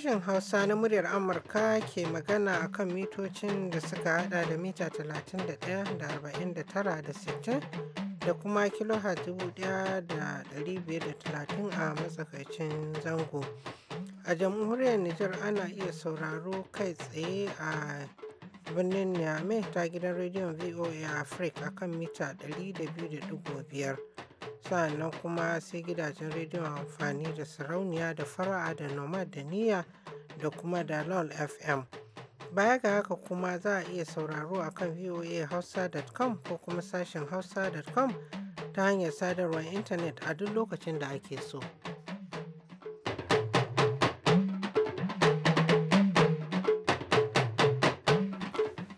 Sashen Hausa na muryar Amurka ke magana a kan mitocin da suka hada da mita 31 da 49 da 60 kuma kiloha 1530 a matsakaicin zango. A jamhuriyar Nijar ana iya sauraro kai tsaye a birnin Niamey ta gidan rediyon VOA Africa kan mita 200.5. Sa'annan kuma sai gidajen rediyon amfani da sarauniya da fara'a da nomad da niyya da kuma da lol FM. Baya ga haka kuma za a iya sauraro a kan voahausa.com ko kuma sashen hausa.com ta hanyar sadarwar intanet a duk lokacin da ake so.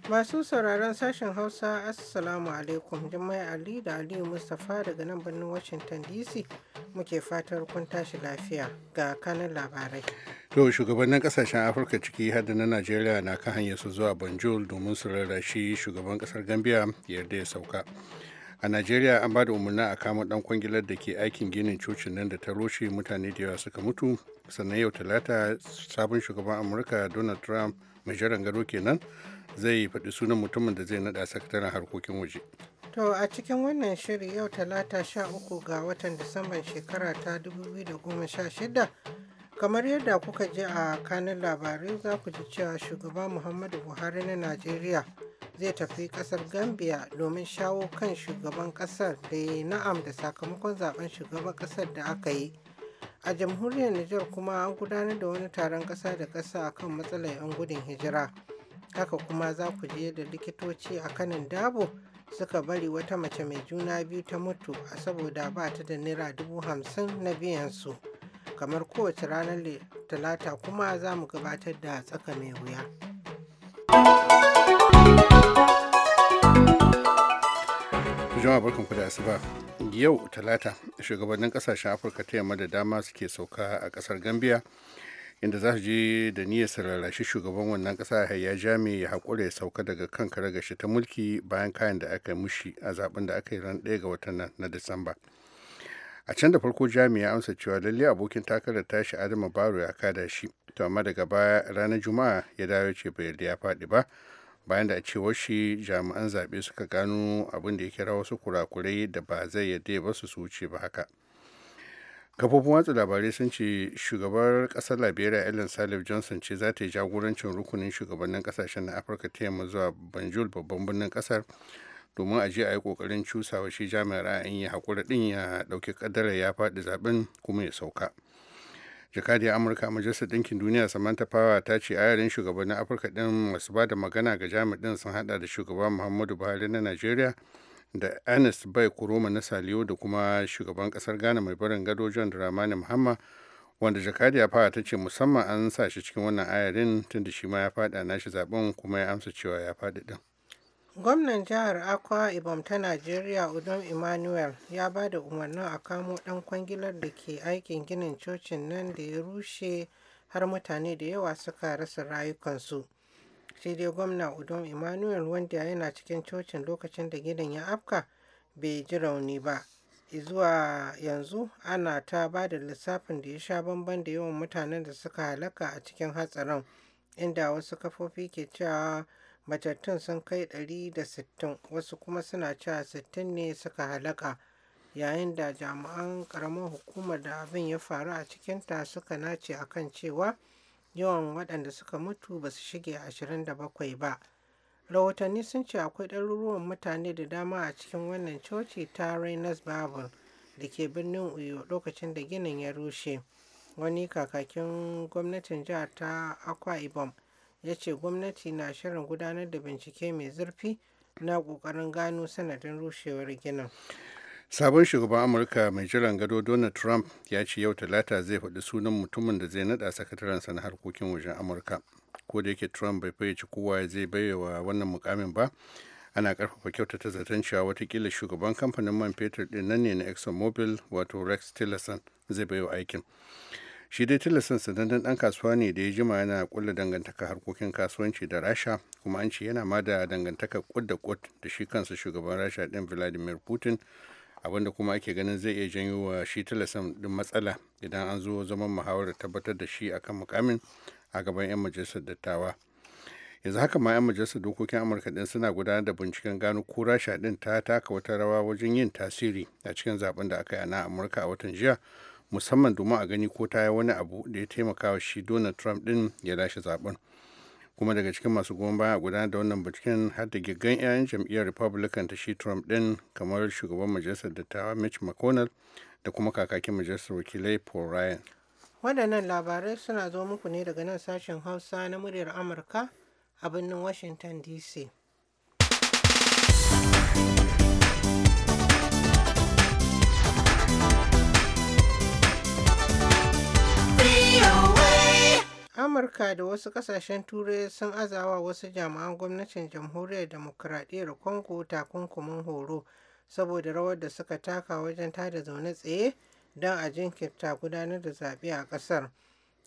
Masu sauraron sashen Hausa, Assalamu alaikum. Jummai Ali da Aliyu Mustapha daga nan birnin Washington DC muke fatar kun tashi lafiya ga kanan labarai. To shugabannin kasashen Afirka ciki har da na Najeriya na kan hanyar su zuwa Banjul domin su rarrashi shugaban kasar Gambia yadda ya sauka. A Najeriya an ba da umarni a kama dan kwangilar da ke aikin ginin cocin nan da ta roshe mutane da yawa suka mutu. Sannan yau talata sabon shugaban Amurka Donald Trump mai jaran gado kenan zai faɗi sunan mutumin da zai naɗa sakataren harkokin waje. To a cikin wannan shiri yau talata sha uku ga watan Disamban shekara ta da goma sha 2016 kamar yadda kuka je a kanin labarai za ku ji cewa shugaba Muhammadu Buhari na Najeriya zai tafi kasar Gambia domin shawo kan shugaban kasar da ya na'am da sakamakon zaben shugaban kasar da aka yi. A jamhuriyar Nijar kuma an gudanar da wani taron ƙasa da ƙasa akan matsalar 'yan gudun hijira. haka kuma za ku je da likitoci a kanin dabo suka bari wata mace mai juna biyu ta mutu a saboda ba ta da naira dubu hamsin na biyansu kamar kowace ranar talata kuma za mu gabatar da tsaka mai wuya jama'a barkanku da asuba yau talata shugabannin kasashen afirka ta yamma da dama suke sauka a kasar gambia inda za su je da niyyar su shugaban wannan kasa ya jami ya haƙura ya sauka daga kan karagashi ta mulki bayan kayan da aka yi mushi a zaben da aka yi ran ɗaya ga watan nan na disamba a can da farko jami'a amsa cewa lalle abokin takarar tashi adama baro ya kada shi to amma daga baya ranar juma'a ya dawo ce bai yarda ya faɗi ba bayan da a ce shi jami'an zaɓe suka gano abin da ya kira wasu kurakurai da ba zai yarda ba su su wuce ba haka kafofin watsa labarai sun ce shugabar kasar liberia ellen salif johnson ce za ta yi jagorancin rukunin shugabannin kasashen na afirka ta yamma zuwa banjul babban birnin kasar domin a a yi kokarin cusawa shi jami'ar ra'ayin ya haƙura ɗin ya ɗauki ƙaddarar ya faɗi zaɓen kuma ya sauka jakadiya amurka a majalisar ɗinkin duniya samantha power ta ce ayarin shugabannin afirka ɗin masu ba da magana ga jami'in sun haɗa da shugaban muhammadu buhari na nigeria. da Ernest Bai Kuroma na Saliyo da kuma shugaban kasar Ghana mai barin gado John Dramani Muhammad wanda jakadiya fara ta ce musamman an sa shi cikin wannan ayarin da shi ma ya faɗa nashi zaben kuma ya amsa cewa ya faɗi din. Gwamnan jihar Akwa Ibom ta Najeriya Udom Emmanuel ya ba da umarnin a kamo ɗan kwangilar da ke aikin ginin cocin nan da ya rushe har mutane da yawa suka rasa rayukansu. sai dai gwamna udom emmanuel wanda yana cikin cocin lokacin da gidan ya afka bai ji rauni ba zuwa yanzu ana ta ba da lissafin da ya sha bamban da yawan mutanen da suka halaka a cikin hatsarin inda wasu kafofi ke cewa matattun sun kai 160 wasu kuma suna cewa 60 ne suka halaka yayin da jami'an karamar hukumar da abin ya faru a cikinta suka nace akan cewa yawan waɗanda suka mutu ba su shige 27 ba rahotanni sun ce akwai ɗaruruwan mutane da dama a cikin wannan coci ta Rainers Bible da ke birnin uyo lokacin da ginin ya rushe wani kakakin gwamnatin jihar ta akwa ibom ya ce gwamnati na shirin gudanar da bincike mai zurfi na ƙoƙarin gano sanadin rushewar ginin sabon shugaban amurka mai jiran gado donald trump ya ce yau talata zai faɗi sunan mutumin da zai naɗa sa na harkokin wajen amurka ko da yake trump bai fayyace kowa zai wa wannan mukamin ba ana karfafa ta zaton cewa watakila shugaban kamfanin man fetur ɗin nan ne na exxon mobil wato rex tillerson zai baiwa aikin shi dai tillerson sanannen dan kasuwa ne da ya jima yana kulla dangantaka harkokin kasuwanci da rasha kuma an ce yana ma da dangantaka kud da kud da shi kansa shugaban rasha ɗin vladimir putin abinda kuma ake ganin zai iya janyo wa shi talasan din matsala idan an zo zaman muhawarar tabbatar da shi akan mukamin a gaban 'yan majalisar dattawa yanzu haka ma 'yan majalisar dokokin amurka din suna gudanar da binciken gano ko rasha din ta taka wata rawa wajen yin tasiri a cikin zaben da aka yi a amurka a watan jiya musamman domin a gani ko ta yi wani abu da ya taimaka wa shi donald trump din ya lashe zaben kuma daga cikin masu goma baya gudanar da wannan binciken har da giggan 'ya'yan jam'iyyar republican ta shi trump din kamar shugaban majalisar dattawa mitch mcconnell da kuma kakakin majalisar wakilai paul ryan waɗannan labarai suna zo muku ne daga nan sashen hausa na muryar amurka a birnin washington dc amurka da wasu kasashen turai sun azawa wasu jami'an gwamnatin jamhuriyar demokuraɗiyyar congo takunkumin horo saboda rawar da suka taka wajen tada zaune tsaye don a jinkirta gudanar da zaɓe a ƙasar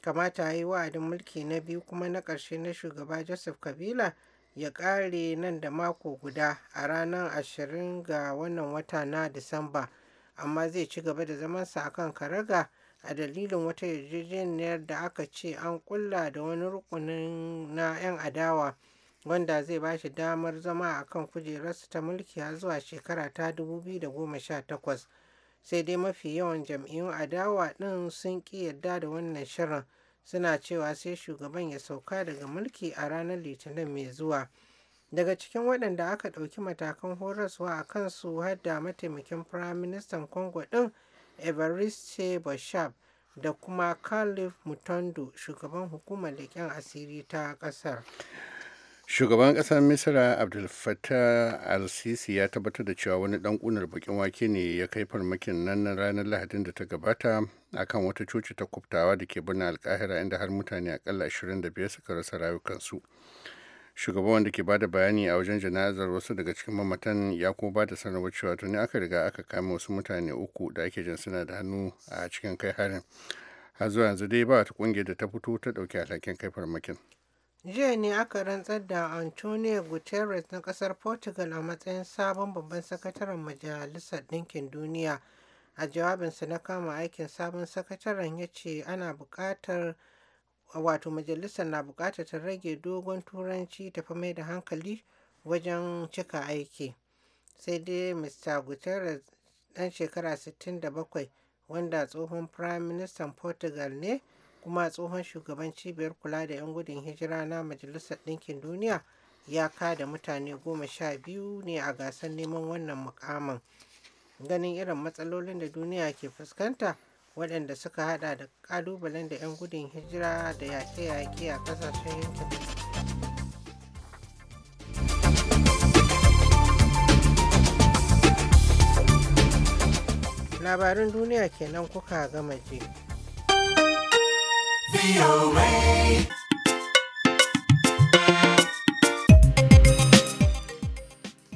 kamata yi wa'adin mulki na biyu kuma na ƙarshe na shugaba joseph kabila ya ƙare nan da mako guda a ranar ashirin ga wannan wata na disamba amma zai ci gaba da zamansa akan karaga a dalilin wata yarjejeniyar da aka ce an kulla da wani rukunin na 'yan adawa wanda zai ba shi damar zama a kan kujerarsa ta mulki har zuwa shekara ta 2018 sai dai mafi yawan jam'iyyun adawa ɗin sun ƙi yarda da wannan shirin suna cewa sai shugaban ya sauka daga mulki a ranar litinin mai zuwa daga cikin waɗanda aka ɗauki matakan horaswa a kansu har da mataimakin firaministan Kongo ɗin evariste bashab da kuma khalif mutondo shugaban hukumar leƙen asiri ta ƙasar shugaban ƙasar misira abdul fattah al-sisi ya tabbatar da cewa wani ɗan ƙunar bakin wake ne ya kai farmakin nan na ranar lahadin da ta gabata akan wata coci ta kubtawa da ke birnin alkahira inda har mutane akalla 25 suka rasa rayukansu shugaban wanda ke bada bayani a wajen jana'azar wasu daga cikin mamatan ya ko ba da sanarwar cewa tuni aka riga aka kama wasu mutane uku da ake jan suna da hannu a cikin kai harin har zuwa yanzu dai ba ta kungiyar da ta fito ta dauki alhakin kai farmakin jiya ne aka rantsar da antonio guterres na kasar portugal a matsayin sabon babban sakataren majalisar ɗinkin duniya a jawabinsa na kama aikin sabon sakataren ya ce ana buƙatar wato Majalisa na buƙatar ta rage dogon turanci tafi fi mai da hankali wajen cika aiki sai dai mr guterres dan shekara 67 wanda tsohon prime minister portugal ne kuma tsohon shugaban cibiyar kula da 'yan gudun hijira na majalisar ɗinkin duniya ya ka da mutane goma sha biyu ne a gasar neman wannan mukamin ganin irin matsalolin da duniya ke fuskanta waɗanda suka hada da ƙalubalen da 'yan gudun hijira da yaƙe-yaƙe a ƙasashen yankin labarin duniya kenan kuka gama je.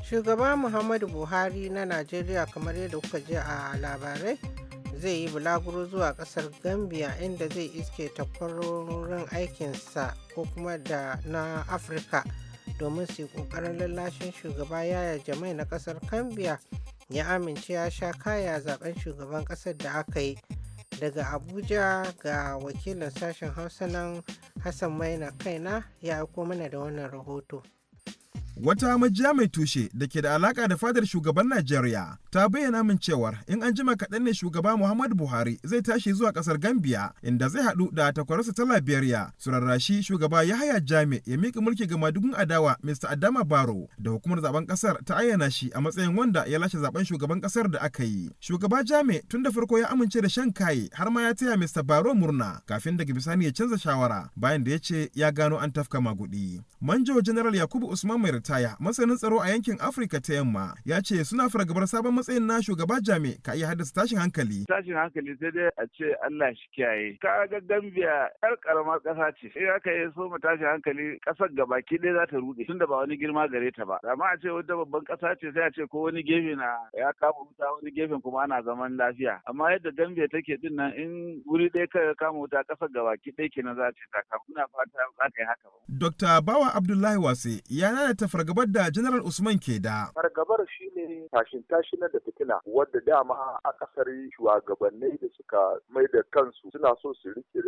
Shugaba Muhammadu Buhari na Najeriya kamar yadda kuka je a labarai zai yi bulaguro zuwa kasar gambia inda zai iske takwarorin aikinsa ko kuma da na afirka domin su yi kokarin lallashin shugaba yaya jamai na kasar gambia ya amince ya sha kaya zaben shugaban kasar da aka yi daga abuja ga wakilin sashen hausa nan hassan maina kaina ya aiko mana da wannan rahoto Wata majiya mai tushe da ke da alaka da fadar shugaban Najeriya ta bayyana min cewar in an jima kaɗan ne shugaba Muhammadu Buhari zai tashi zuwa ƙasar Gambia inda zai haɗu da takwararsa ta Liberia su rarrashi shugaba Yahaya jami' ya miƙa mulki ga madugun adawa Mr. Adama Baro da hukumar zaben ƙasar ta ayyana shi a matsayin wanda ya lashe zaben shugaban ƙasar da aka yi. Shugaba Jami tun da farko ya amince da shan kaye har ma ya taya Mr. Baro murna kafin daga bisani ya canza shawara bayan da ya ce ya gano an tafka maguɗi Manjo General Yakubu Usman Mai Ataya, masanin tsaro a yankin Afirka ta yamma, ya ce suna fargabar sabon matsayin na shugaba Jame ka iya haddasa tashin hankali. Tashin hankali sai dai a ce Allah shi kiyaye. Ka ga Gambia yar karamar ƙasa ce. In aka yi so tashin hankali ƙasar gabaki ɗaya za ta ruɗe tunda ba wani girma gare ta ba. Amma a ce wata babban ƙasa ce sai a ce ko wani gefe na ya kama wuta wani gefen kuma ana zaman lafiya. Amma yadda Gambia take din nan in wuri ɗaya ka kama wuta ƙasar gabaki ɗaya kenan za ta ta kama. Ina fata za ta yi haka ba. Dr. Bawa Abdullahi Wase ya ta fargabar da General Usman ke da. Fargabar shi ne tashin tashinan da fitina wadda dama a kasar shugabanni da suka mai da kansu suna so su rike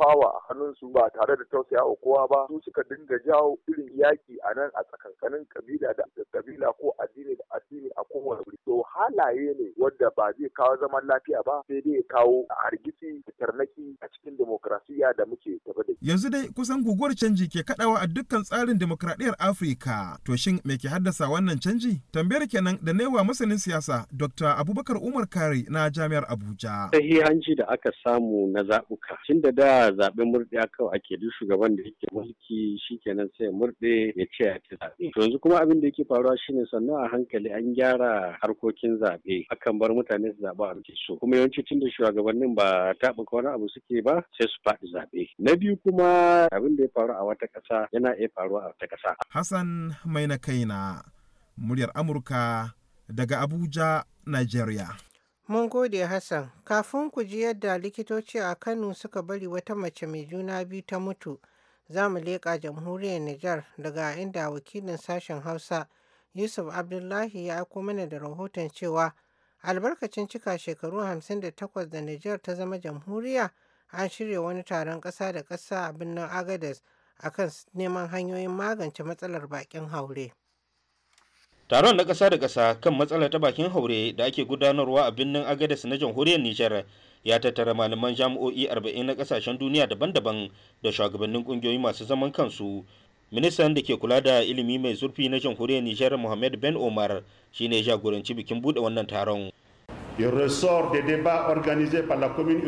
fawa a hannunsu ba tare da tausaya wa kowa ba su suka dinga jawo irin yaki a nan a tsakankanin kabila da kabila ko addini da addini a kowane wuri. To halaye ne wadda ba zai kawo zaman lafiya ba sai dai kawo hargitsi da tarnaki a cikin demokrasiya da muke tafi da. Yanzu dai kusan guguwar canji ke kaɗawa a dukkan tsarin demokradiyyar Afirka. To shin me ke haddasa wannan canji? Tambayar kenan da naiwa masanin siyasa Dr. Abubakar Umar Kare na Jami'ar Abuja. Sahihanci da aka samu na zaɓuka. Tun da da zaɓen murɗe kawai ake duk shugaban da yake mulki shi kenan sai murɗe ya ce ya ta zaɓe. To yanzu kuma abin da yake faruwa shine sannan a hankali an gyara harkokin zaɓe. Akan bar mutane su zaɓa a so. Kuma yawanci tun da shugabannin ba taɓuka wani abu suke ba sai su faɗi zaɓe. Na biyu kuma abin da ya faru a wata ƙasa yana iya faruwa a wata ƙasa. Hassan mai na kaina muryar amurka daga abuja nigeria mun gode hassan kafin ku ji yadda likitoci a kano suka bari wata mace mai juna biyu ta mutu za mu leƙa jamhuriyar Nijar? daga inda wakilin sashen hausa yusuf abdullahi ya aiko mana da rahoton cewa albarkacin cika shekaru 58 da Nijar ta zama jamhuriya an shirya wani taron ƙasa da ƙasa a birnin agadez akan neman hanyoyin magance matsalar bakin haure. Taron na ƙasa da ƙasa kan matsalar ta bakin haure da ake gudanarwa a birnin Agadez na jamhuriyar Nijar ya tattara malaman jami'o'i arba'in na ƙasashen duniya daban-daban da shugabannin ƙungiyoyi masu zaman kansu. Ministan da ke kula da ilimi mai zurfi na jamhuriyar Nijar mohammed Ben Omar shine jagoranci bikin buɗe wannan taron. Il ressort des débats organisés par la commune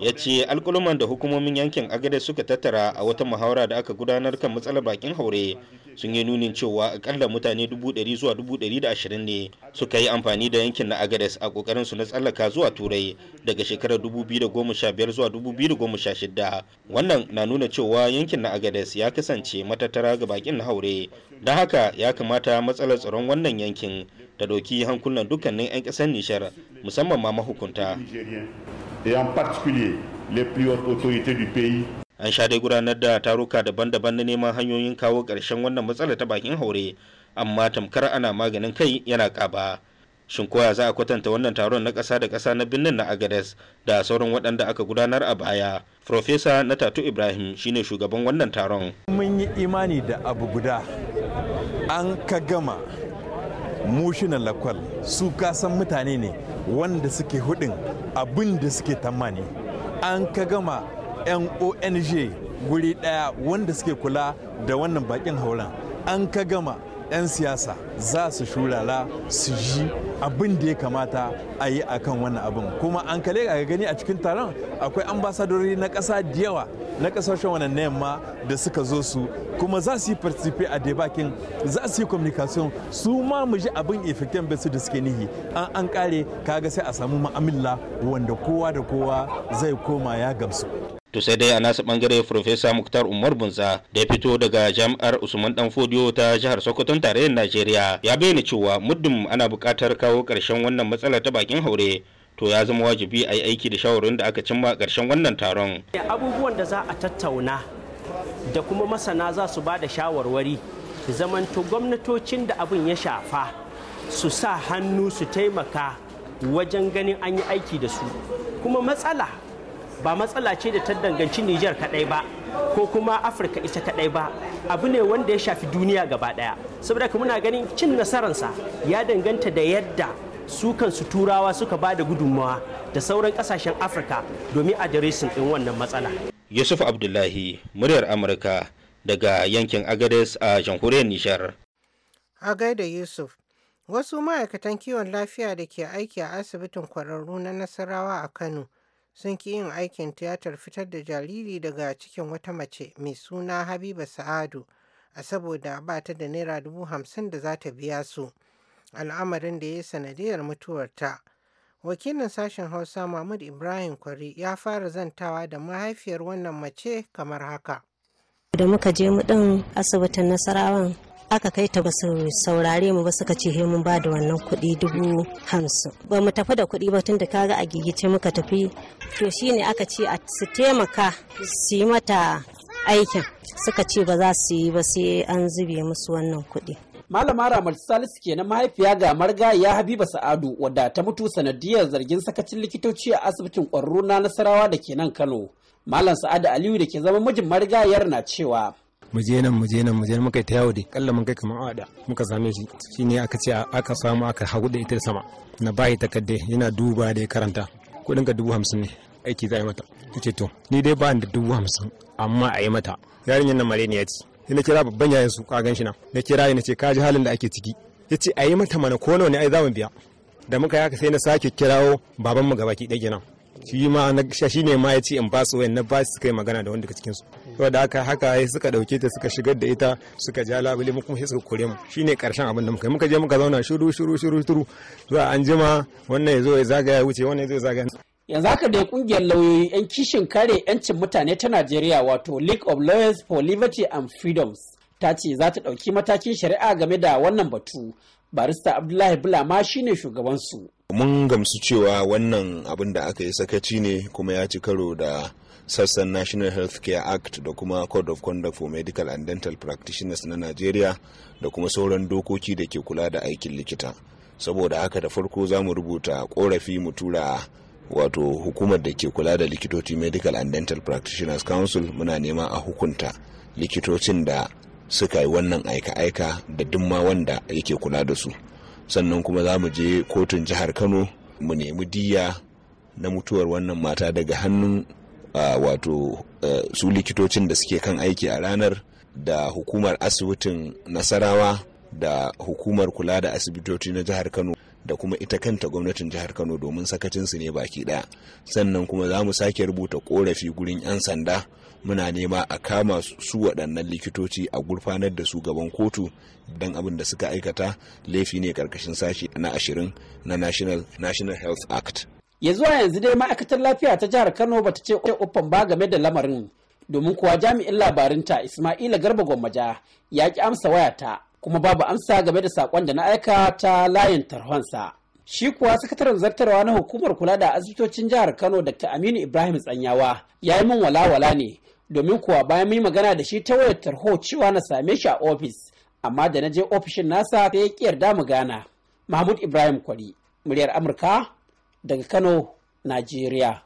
ya ce alkuluman da hukumomin yankin agade suka tattara a wata muhawara da aka gudanar kan matsalar bakin haure sun yi nunin cewa akalla mutane 100 zuwa 120 ne suka yi amfani da yankin na agades a kokarin su na tsallaka zuwa turai daga shekarar 2015 zuwa 2016 wannan na nuna cewa yankin na agades ya kasance matattara ga bakin na haure da haka ya kamata matsalar tsaron wannan yankin ta doki hankulan dukkanin 'yan ƙasar nishar musamman ma mahukunta et en particulier les plus hautes autorités du pays an sha dai gudanar da taruka daban-daban na neman hanyoyin kawo ƙarshen wannan matsala ta bakin haure amma tamkar ana maganin kai yana ƙaba shin koya za a kwatanta wannan taron na ƙasa da ƙasa na birnin na agades da sauran waɗanda aka gudanar a baya profesa na tatu ibrahim shine shugaban wannan taron mun yi imani da abu guda an ka gama mushinan lakwal su kasan mutane ne wanda suke hudin abin da suke tamani an ka gama yan ong guri daya wanda suke kula da wannan bakin hauren an ka gama 'yan siyasa za su shulala su ji abin da ya kamata a yi a kan wannan abin kuma an kale ga gani a cikin taron akwai ambasadori na ƙasa da yawa na ƙasashen wannan yamma da suka zo su kuma za su yi participate a debakin za su yi communication su ma mu ji abin effectin su da suke nihi an an kare kaga sai a samu ma'amala wanda kowa da kowa zai koma ya gamsu to sai dai a nasu bangare Profesa Muktar Umar Bunza da ya fito daga jami'ar Usman Dan Fodiyo ta jihar Sokoton tarayyar Najeriya ya bayyana cewa muddin ana buƙatar kawo ƙarshen wannan matsalar ta bakin haure to ya zama wajibi a yi aiki da shawarin da aka cimma ƙarshen wannan taron. Abubuwan da za a tattauna da kuma masana za su ba da shawarwari zamanto gwamnatocin da abin ya shafa su sa hannu su taimaka wajen ganin an yi aiki da su kuma matsala ba matsala ce da ta danganci Nijar kaɗai ba ko kuma Afirka ita kaɗai ba abu ne wanda ya shafi duniya gaba ɗaya saboda ka muna ganin cin nasararsa ya danganta da yadda su kansu turawa suka ba da gudunmawa da sauran ƙasashen Afirka domin adiresin ɗin wannan matsala. Yusuf Abdullahi, muryar Amurka daga yankin Agades a jamhuriyar Nijar. da Yusuf, wasu ma'aikatan kiwon lafiya da ke aiki a asibitin kwararru na Nasarawa a Kano sun ki yin aikin tiyatar fitar da jariri daga cikin wata mace mai suna Habiba Sa'adu a saboda ba ta da naira dubu hamsin da za ta biya su al'amarin da ya yi sanadiyar mutuwarta. Wakilin sashen Hausa Mahmud Ibrahim Kwari ya fara zantawa da mahaifiyar wannan mace kamar haka. Da muka je mu ɗin asibitin Nasarawan aka kai ta ba su saurare mu ba suka ce he mun ba da wannan kuɗi dubu hamsin ba mu tafi da kuɗi ba tun da kaga a gigice muka tafi to shine aka ce a su taimaka su yi mata aikin suka ce ba za su yi ba sai an zube musu wannan kuɗi Malama ramar Salisu ke na mahaifiya ga marga ya Habiba Sa'adu wadda ta mutu sanadiyar zargin sakacin likitoci a asibitin ƙwararru na Nasarawa da ke nan Kano. Malam Sa'adu Aliyu da ke zama mijin marigayar na cewa mu je nan mu je nan mu je muka ta yawo dai kalla mun kai kamar awa da muka same shi shine aka ce aka samu aka hagu da ita sama na bayi takarda yana duba da karanta kudin ka dubu hamsin ne aiki za a yi mata ce to ni dai ba da dubu hamsin amma a yi mata yarinyar nan mare ne ya ci na kira babban yayin su ka gan shi na na kira ya ce ka ji halin da ake ciki ya ce a yi mata mana ko ne ai za biya da muka yaka sai na sake kirawo babanmu gabaki ɗaya nan shi ma shi ne ma ya ce in ba su wayan na ba su kai magana da wanda ka cikin su da haka haka suka dauke ta suka shigar da ita suka ja labule mu kuma sai suka kore mu shine karshen abin da muka yi muka je muka zauna shiru shiru shiru shiru zuwa an jima wannan ya zo ya zagaya ya wuce wannan ya zo ya zagaya yanzu haka dai kungiyar lauyoyi yan kishin kare yancin mutane ta Najeriya wato League of Lawyers for Liberty and Freedoms ta ce za ta dauki matakin shari'a game da wannan batu barista Abdullahi Bulama shine shugabansu. mun gamsu cewa wannan abin da aka yi sakaci ne kuma ya ci karo da sassan national health care act da kuma code of conduct for medical and dental practitioners na nigeria da kuma sauran dokoki da ke kula da aikin likita saboda haka da farko za mu rubuta korafi mu tura wato hukumar da ke kula da likitoci medical and dental practitioners council muna nema a hukunta likitocin da suka yi wannan aika-aika da dumma wanda yake kula da su sannan kuma za mu je kotun jihar kano mu nemi diya na mutuwar wannan mata daga hannun wato su likitocin da suke kan aiki a ranar da hukumar asibitin nasarawa da hukumar kula da asibitoci na jihar kano da kuma ita kanta gwamnatin jihar kano domin sakacinsu ne baki ɗaya sannan kuma za mu sake rubuta korafi gurin 'yan sanda muna nema a kama su waɗannan likitoci a gurfanar da su gaban kotu don abin da suka aikata laifi ne karkashin sashi na ashirin na national, national health act yanzu a yanzu dai ma'aikatar lafiya ta jihar kano bata ce uffan ba game da lamarin domin kuwa jami'in labarinta ismaila garba gwammaja ya ki amsa wayata kuma babu amsa game da sakon da na aika ta layin tarhonsa shi kuwa sakataren zartarwa na hukumar kula da asibitocin jihar kano dr aminu ibrahim tsanyawa ya yi min walawala ne domin kuwa bayan mun magana da shi ta wayar tarho cewa na same shi a ofis amma da na je ofishin nasa ta ya ƙi yarda mu gana mahmud ibrahim kwari muryar amurka daga kano najeriya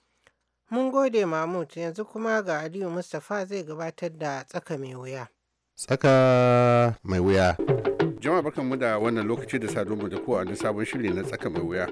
mun gode mahmud yanzu kuma ga aliyu mustapha zai gabatar da tsaka mai wuya tsaka mai wuya. Jama'a mu da wannan lokaci da saduwa da ku a sabon shiri na tsaka mai wuya.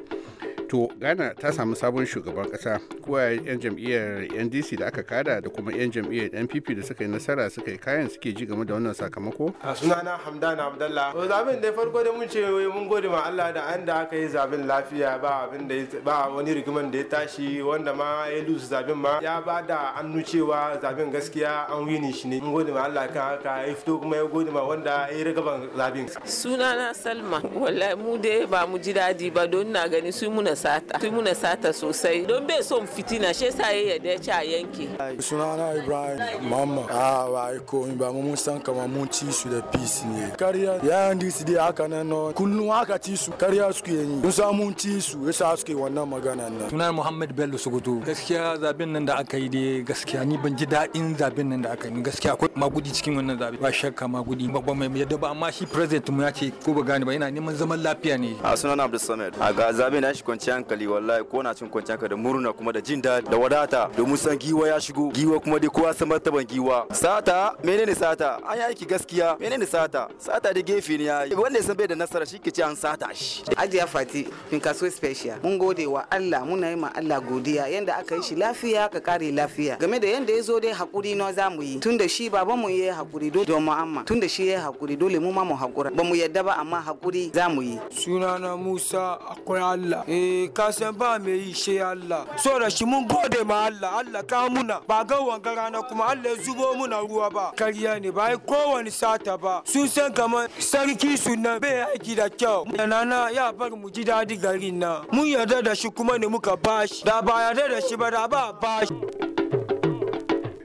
to ghana ta samu sabon shugaban kasa kuwa yan jam'iyyar ndc da aka kada da kuma yan jam'iyyar npp da suka yi nasara suka yi kayan suke ji game da wannan sakamako a sunana hamdan abdallah zaben da farko da mun ce mun gode ma allah da an da aka yi zaben lafiya ba abin da ba wani rigiman da ya tashi wanda ma ya lusu zaben ma ya ba da annu cewa zaben gaskiya an wini shi ne mun gode ma allah kan haka ya fito kuma ya gode ma wanda ya yi rigaban zaben sunana salma wallahi mu dai ba mu ji dadi ba don na gani su muna sata tun muna sata sosai don bai son fitina shi yasa ya yarda ya ci a yanke sunana ibrahim mamma a ba ko ba mun san kamar mun ci su da peace ne kariya yayan disi dai haka nan no kullum haka ci su kariya suke yi mun san mun ci su yasa suke wannan magana nan sunana muhammad bello sokoto gaskiya zaben nan da aka yi dai gaskiya ni ban ji daɗin zaben nan da aka yi gaskiya akwai magudi cikin wannan zabe ba shakka magudi ba mai yadda ba amma shi president mu ya ce ko ba gane ba yana neman zaman lafiya ne a sunana abdul samad a ga zabe na shi kwanciya hankali wallahi ko na cin kwanciyar hankali da murna kuma da jin daɗi da wadata domin san giwa ya shigo giwa kuma dai kowa san martaban giwa sata menene sata an yi aiki gaskiya menene sata sata da gefe ne yayi wanda ya san bai da nasara shi ke ce an sata shi ajiya fati in so special mun gode wa Allah muna yi ma Allah godiya yanda aka yi shi lafiya ka kare lafiya game da yanda ya zo dai hakuri na za mu yi tunda shi baban mu yayi hakuri don mu tunda shi yayi hakuri dole mu ma mu hakura ba mu yadda ba amma hakuri za mu yi sunana Musa akwai Allah eh ka ba mai yi shi Allah so da shi mun gode ma Allah Allah ka muna ba ga wanga rana kuma Allah ya zubo muna ruwa ba kariya ne ba kowani sata ba sun san kamar sarki sunan bai aiki da kyau nana ya bar mu ji dadi garin nan mun yarda da shi kuma ne muka bashi da ba yarda da shi ba da ba bashi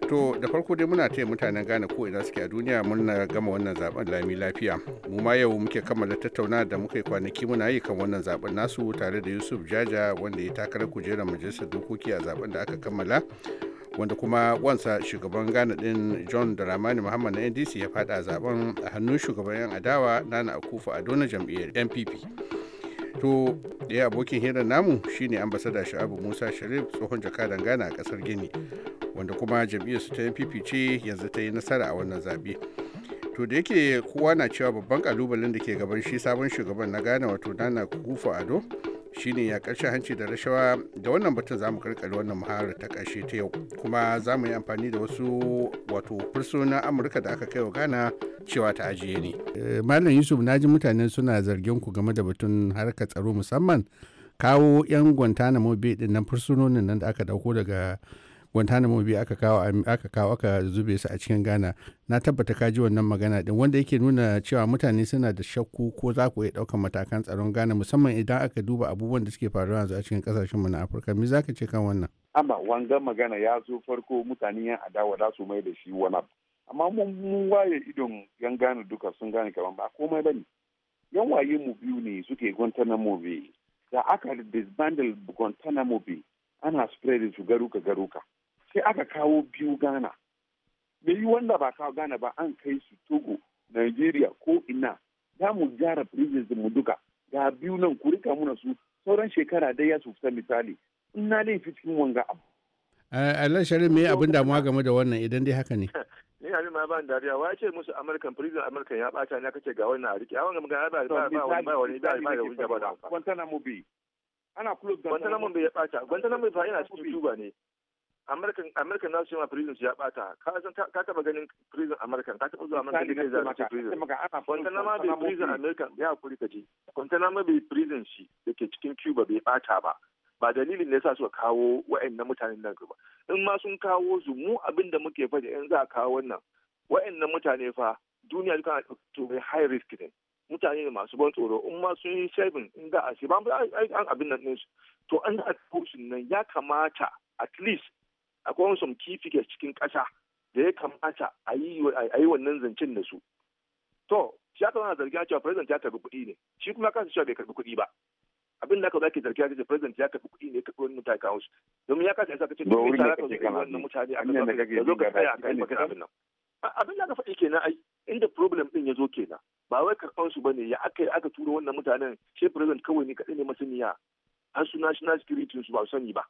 to da farko dai muna taya mutanen gane ko ina suke a duniya muna gama wannan zaben lami lafiya mu ma yau muke kammala tattauna da muka yi kwanaki muna yi kan wannan zaben nasu tare da yusuf jaja wanda ya takarar kujerar majalisar dokoki a zaben da aka kammala wanda kuma wansa shugaban ghana din john da ramani muhammad na ndc ya fada zaben a hannun shugaban yan adawa nana akufa a na jam'iyyar npp to ɗaya abokin hirar namu shine ambasada sha'abu musa sharif tsohon jakadan ghana a ƙasar gini wanda kuma jam'iyyar su ta npp ce yanzu ta yi nasara a wannan zaɓe to da yake kowa na cewa babban kalubalen da ke gaban shi sabon shugaban na ghana wato nana kufa ado shine ya karshen hanci da rashawa da wannan batun zamu karkare wannan muhawara ta karshe ta yau kuma za mu yi amfani da wasu wato fursunan amurka da aka kai wa ghana cewa ta ajiye ne eh, malam yusuf na ji mutane suna zargin ku game da batun harkar tsaro musamman kawo 'yan guantanamo bay din nan fursunonin nan da aka dauko daga guantanamo biyu aka kawo aka kawo aka zube su a cikin ghana na tabbata ka ji wannan magana din wanda yake nuna cewa mutane suna da shakku ko za ku iya ɗaukar matakan tsaron ghana musamman idan aka duba abubuwan da suke faruwa yanzu a cikin kasashen mu na afirka me za ka ce kan wannan amma wanga magana ya zo farko mutane yan adawa za su mai da shi wani abu amma mun waye idon yan gane duka sun gane kaman ba komai bane yan waye mu biyu ne suke guantanamo biyu da aka disbandal guantanamo biyu ana spread su garuka garuka sai aka kawo biyu Ghana. Me yi wanda ba kawo Ghana ba an kai su Togo, Nigeria ko ina. Za mu gyara prisons mu duka. Ga biyu nan ku rika muna su sauran shekara dai ya su fita misali. Ina laifi cikin wanga abu. Allah eh, eh, Sharif me abin damuwa game da wannan idan dai haka ne. Ni abin ma ban dariya wa ce musu American prison American ya bata ne kace ga wannan a rike. A ga ga ba ba ba wani ba wani da ba da wuce da ba da. Guantanamo Bay. Ana close Guantanamo Bay ya bata. Guantanamo Bay yana cikin Cuba ne. American za su yi ma prison su ya bata ka san ka taba ganin prison American ka taba zuwa American da za su prison wanda na ma bai prison American ya kuri ka ji wanda na ma bai prison shi da ke cikin Cuba bai bata ba ba dalilin da yasa suka kawo wa'annan mutanen nan ba in ma sun kawo su mu abin da muke faɗi in za a kawo wannan wa'annan mutane fa duniya duka to bai high risk ne mutane ne masu ban tsoro in ma sun yi shaibin in za a shi ba an abin nan ɗinsu to an da a nan ya kamata at least akwai wasu kifi ke cikin ƙasa da ya kamata a yi wannan zancen da su to shi aka zana zargi cewa president ya karbi kuɗi ne shi kuma kansa cewa bai karbi kuɗi ba abin da aka zaki zargi ya ce president ya karbi kuɗi ne karbi wannan mutane kawo su domin ya kasa ya ce duk wani tsara da wannan mutane a kan zo ka tsaya a kan magana abin nan abin da aka faɗi kenan ai inda problem din ya zo kenan ba wai karɓar su bane ya aka yi aka tura wannan mutanen shi president kawai ne kaɗai ne masaniya har su national security su ba sani ba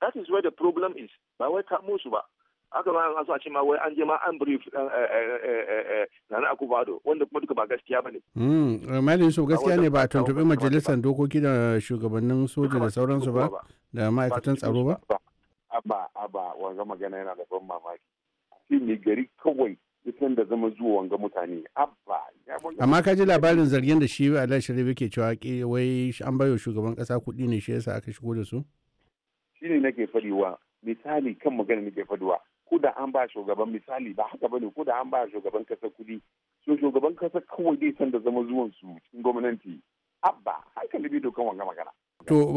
that is where the problem is ba wai kamo musu ba aka ma an so a ce ma wai an je ma an brief eh, eh, eh, nana akufado wanda kuma duka ba gaskiya ba ne. Hmm, malam yusuf gaskiya ne ba a tuntuɓi majalisar dokoki da shugabannin soja da sauransu ba da ma'aikatan tsaro ba. abba abba wanga magana yana da ban mamaki shi ne gari kawai isan da zama zuwa wanga mutane abba amma ka ji labarin zargin da shi alhaji sharifi ke cewa wai an bayo shugaban kasa kuɗi ne shi yasa aka shigo da su. ne nake faɗiwa misali kan magana nake faɗiwa ko da an ba shugaban misali ba haka bane ko da an ba shugaban kasa kudi so shugaban kasa kawai dai san da zama zuwan su cikin gwamnati abba ne bi dokan wanga magana To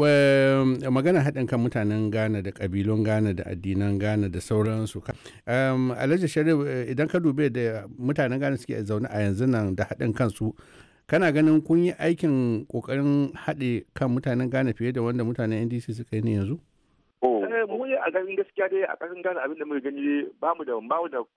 magana haɗin kan mutanen Ghana da ƙabilun Ghana da addinan Ghana da sauransu. Um, Alhaji Sharif eh, idan ka dube da mutanen Ghana suke zaune a yanzu nan da haɗin kansu kana ganin kun yi aikin ƙoƙarin haɗe kan mutanen Ghana fiye da wanda mutanen NDC suka yi ne yanzu? a ganin gaskiya dai a ƙasar Ghana abin da muka gani ba mu da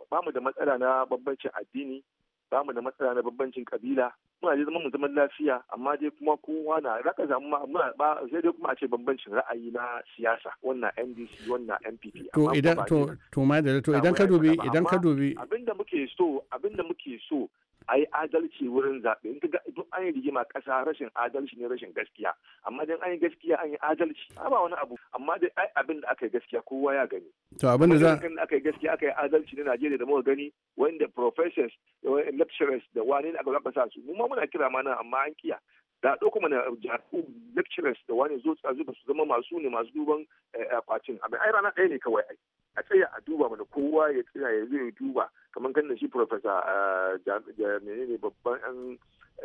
ba mu da matsala na bambancin addini ba mu da matsala na bambancin kabila muna dai zama mu zaman lafiya amma dai kuma kowa na raka zamu ma muna ba sai dai kuma a ce bambancin ra'ayi na siyasa wannan NDC wannan NPP to idan to to ma da to idan ka dubi idan ka dubi abinda muke so abinda muke so a yi adalci wurin zaɓe in ga duk an yi rigima ƙasa rashin adalci ne rashin gaskiya amma dan an yi gaskiya an yi adalci ba wani abu amma dai ai abin da aka yi gaskiya kowa ya gani to abin da za aka yi gaskiya aka yi adalci na Najeriya da muka gani wanda professors da lecturers da wani aka zaba su mu ma muna kira ma nan amma an kiya da doko mana jami'u lecturers da wani zo tsazu ba su zama masu ne masu duban eh, akwatin abin ai rana ɗaya ne kawai ai a tsaya a duba mana kowa ya tsaya ya zai duba kamar kan shi professor eh, menene babban yan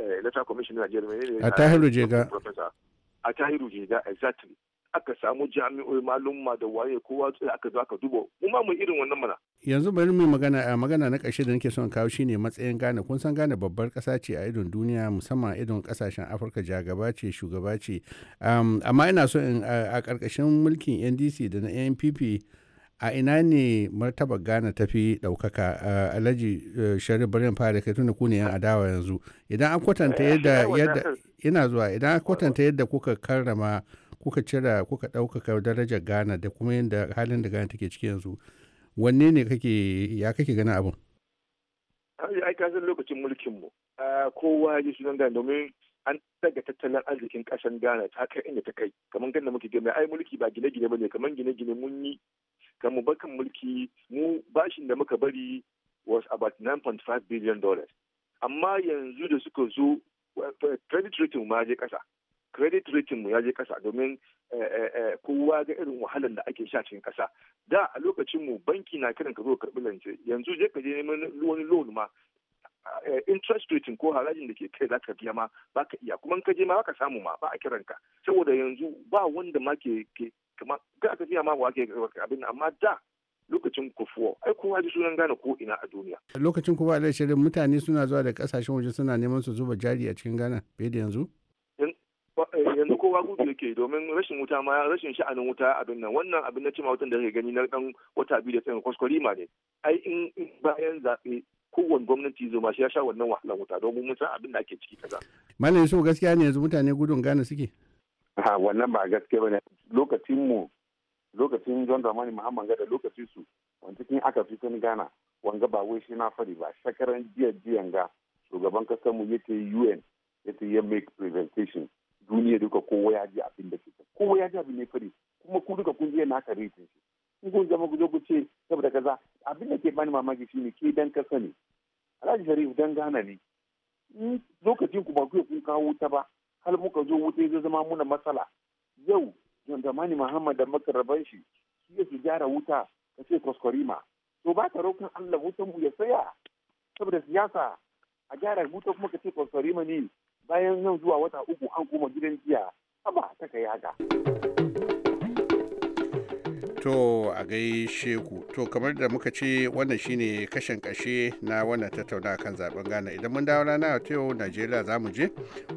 eh, electoral commission na jami'ai ne. a Tahiru Jega a Tahiru Jega exactly aka samu jami'o'i malumma da waye kowa tsaye aka zo aka dubo mu ma mu irin wannan mana yanzu bari mu magana a magana na ƙarshe da nake son kawo shine matsayin gane kun san gane babbar ƙasa ce a idon duniya musamman idon ƙasashen Afirka jagaba ce shugaba ce amma ina so in a ƙarƙashin mulkin NDC da na NPP a ina ne martaba ghana ta fi ɗaukaka alhaji eh, sharif barin fara kai tuni ku ne yan adawa yanzu idan an kwatanta eh, yadda yadda ina zuwa idan an kwatanta yadda kuka karrama kuka cira kuka daukaka darajar ghana da kuma yadda halin da ghana take ciki yanzu wanne ne kake ya kake gana abin ai kasan lokacin mulkin mu kowa ya sunan ghana domin an daga tattalin arzikin kasan Ghana ta kai inda ta kai kamar ganda muke gina ai mulki ba gine-gine bane kamar gine-gine mun yi da mu bakin mulki mu bashin da muka bari was about 9.5 billion dollars amma yanzu da suka zo credit rating ma je kasa credit rating mu ya je kasa domin eh, eh, eh, kowa ga irin wahalar da ake sha cikin kasa da a lokacin mu banki na kiran ka zo karbi lance yanzu je ka je neman wani loan ma interest rating ko harajin da ke kai za ka biya ma ba ka iya kuma ka je ma ba ka samu ma ba a kiranka saboda yanzu ba wanda ma ke kuma ga tafiya ma wa abin amma da lokacin kufuwa ai kowa ji sunan gane ko ina a duniya lokacin kuwa da shirin mutane suna zuwa da kasashen waje suna neman su zuba jari a cikin Ghana bai da yanzu eh, yanzu kowa gudu yake domin rashin wuta ma rashin sha'anin wuta abin nan wannan abin na cima wutan da kake gani na dan wata biyu da tsayin kwaskwarima ne ai in bayan zaɓe kowane gwamnati zo ma shi ya sha wannan wahalar wuta domin mun san abin da ake ciki kaza malam yusuf gaskiya ne yanzu mutane gudun gane suke ha wannan ba gaske ba ne lokacin mu lokacin john dramani muhammad da lokacin su wanda cikin aka fi sun gana wanga ba wai shi na fari ba shakaran jiya jiya ga shugaban kasar mu yake un yake ya make presentation duniya duka kowa ya ji abin da kike kowa ya ji abin ne fari kuma ku duka kun je na ka ritin shi in kun zama ku zo ku ce saboda kaza abin da ke bani mamaki shine ke dan kasa ne alhaji sharif dan gana ne lokacin ku ba ku kun kawo ta ba har muka zo wuta zai zama muna matsala yau jandamani muhammad da makarabar shi shi ya su gyara wuta ka ce kwaskwarima to ba ta roƙon allah wutan mu ya saya saboda siyasa a gyara wuta kuma ka ce kwaskwarima ne bayan nan zuwa wata uku an koma gidan jiya ba ta kai haka. To a gaishe ku. To kamar da muka ce wannan shine kashin kashe na wannan tattauna kan zaben Ghana. Idan mun dawo rana ta yau Najeriya za mu je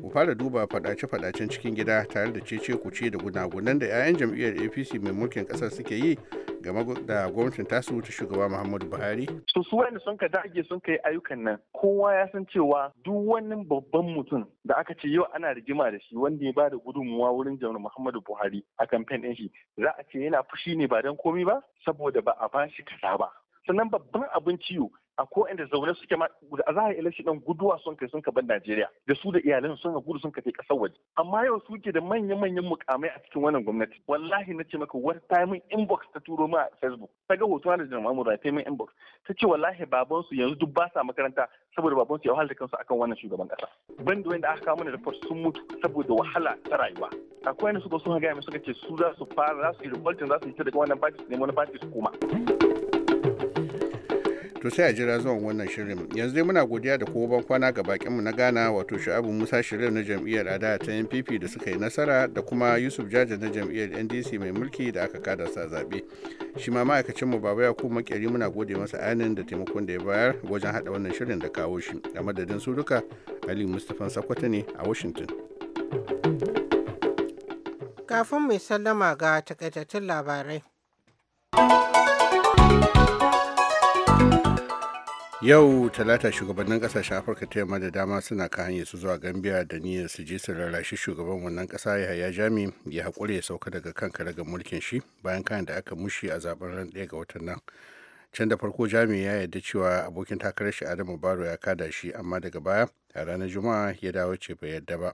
mu fara duba fadace-fadacen cikin gida tare da cece ku ce da gunagunan da 'ya'yan jam'iyyar APC mai mulkin kasar suke yi game da gwamnatin tasu ta shugaba Muhammadu Buhari? Su su wani sun ka dage sun kai ayyukan nan kowa ya san cewa duk wani babban mutum da aka ce yau ana rigima da shi wanda ya bada gudunmuwa wurin janar Muhammadu Buhari a kamfen ɗin shi za a ce yana fushi ne ba dan komi ba saboda ba a ba shi kaza ba. Sannan babban abin ciwo a ko inda zaune suke ma da a zahar election din guduwa sun kai sun ka bar Najeriya da su da iyalan sun ka gudu sun ka kai kasar waje amma yau suke da manya-manyan mukamai a cikin wannan gwamnati wallahi na ce maka wani ta min inbox ta turo ma a Facebook ta ga hoto da Jamal Mamura ta min inbox ta ce wallahi baban su yanzu duk ba sa makaranta saboda baban su ya wahala kansu akan wannan shugaban kasa da wanda aka kawo mana report sun mutu saboda wahala ta rayuwa akwai wanda suka sun ga mai suka ce su za su fara za su yi revolting za su yi ta daga wannan party su nemi party su koma to sai a jira zuwan wannan shirin yanzu dai muna godiya da koban kwana ga bakinmu na ghana wato sha'abu musa shirin na jam'iyyar ada ta npp da suka yi nasara da kuma yusuf jaja na jam'iyyar ndc mai mulki da aka kada sa zaɓe shi ma ma'aikacinmu baba yakubu makeri muna gode masa ainihin da taimakon da ya bayar wajen haɗa wannan shirin da kawo shi a madadin su duka ali mustapha sakwata ne a washington kafin mai sallama ga takaitattun labarai yau talata shugabannin kasashen afirka ta yamma da dama suna ka hanyar su zuwa gambia da niyyar su je su rarrashi shugaban wannan kasa haya jami ya haƙuri ya sauka daga kan karagar mulkin shi bayan kayan da aka mushi a zaben ran ɗaya ga watan nan can da farko jami ya yarda cewa abokin takarar shi adamu baro ya kada shi amma daga baya a ranar juma'a ya dawo ce bai yarda ba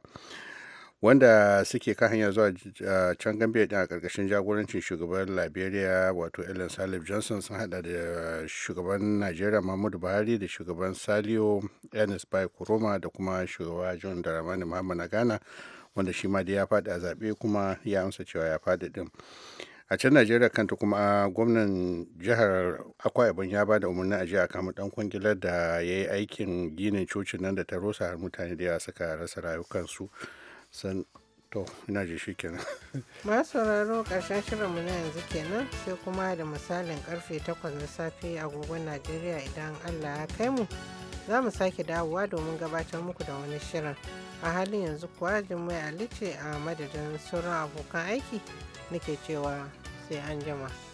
wanda suke kan hanya zuwa ah, can gambia din a karkashin jagorancin shugaban liberia wato ellen salif johnson sun hada da shugaban nigeria mahmudu buhari da shugaban salio ernest bai kuroma da kuma shugaba john dramani muhammad na ghana wanda shi ma da ya faɗi a zaɓe kuma ya amsa cewa ya faɗi din a can najeriya kanta kuma ah, gwamnan jihar akwa ibon ya ba da umarnin ajiya kamar dan kwangilar da ya yi aikin ginin cocin nan da ta rosa har mutane da ya saka rasa rayukansu san to ina ji shi kenan masu sauraro karshen shirinmu na yanzu kenan sai kuma da misalin karfe 8 na safe agogon najeriya idan allah ya kai mu za mu sake dawowa domin gabatar muku da wani shirin a halin yanzu kuwa mai alice a madadin sauran abokan aiki nake cewa sai an jima.